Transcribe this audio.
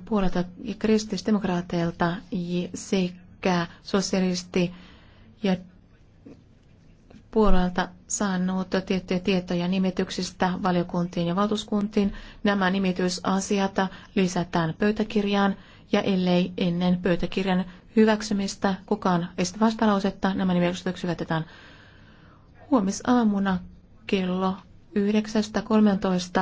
puolelta kristillisdemokraateilta sekä sosialisti ja puolelta saanut tiettyjä tietoja nimityksistä valiokuntiin ja valtuuskuntiin. Nämä nimitysasiat lisätään pöytäkirjaan ja ellei ennen pöytäkirjan hyväksymistä kukaan esitä vastalausetta, nämä nimitykset hyvätetään huomisaamuna kello 9.13